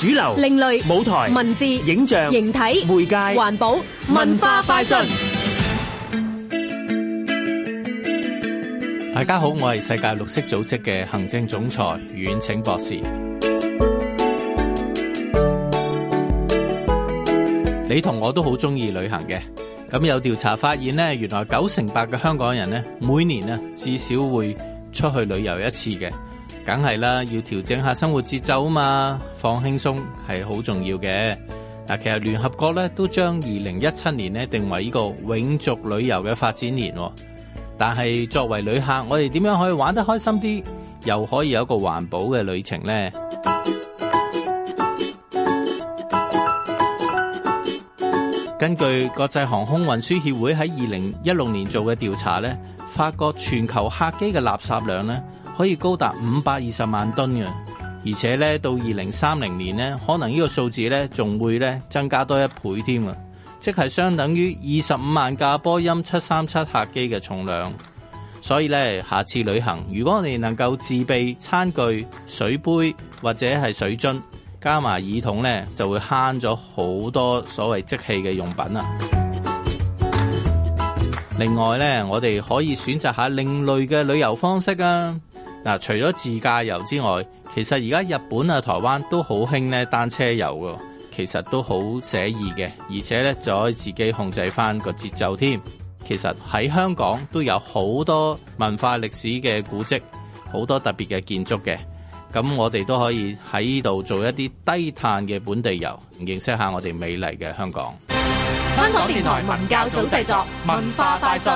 主流、另類舞台、文字、影像、形體、媒介、環保、文化、快訊。大家好，我係世界綠色組織嘅行政總裁遠騁博士。你同我都好中意旅行嘅，咁有調查發現呢，原來九成八嘅香港人呢，每年啊至少會出去旅遊一次嘅。梗係啦，要調整下生活節奏吖嘛，放輕鬆係好重要嘅。嗱，其實聯合國咧都將二零一七年呢定為呢個永續旅遊嘅發展年。但係作為旅客，我哋點樣可以玩得開心啲，又可以有個環保嘅旅程呢？根據國際航空運輸協會喺二零一六年做嘅調查呢，發覺全球客機嘅垃圾量呢，可以高達五百二十萬噸嘅，而且咧到二零三零年呢可能呢個數字咧仲會咧增加多一倍添啊！即係相等於二十五萬架波音七三七客機嘅重量。所以咧，下次旅行如果我哋能夠自備餐具、水杯或者係水樽，加埋耳筒咧，就會慳咗好多所謂即棄嘅用品啦。另外咧，我哋可以選擇下另類嘅旅遊方式啊！嗱，除咗自駕遊之外，其實而家日本啊、台灣都好興呢單車遊嘅，其實都好寫意嘅，而且呢就可以自己控制返個節奏添。其實喺香港都有好多文化歷史嘅古蹟，好多特別嘅建築嘅，咁我哋都可以喺呢度做一啲低碳嘅本地遊，認識下我哋美麗嘅香港。香港電台文教組製作，文化快訊。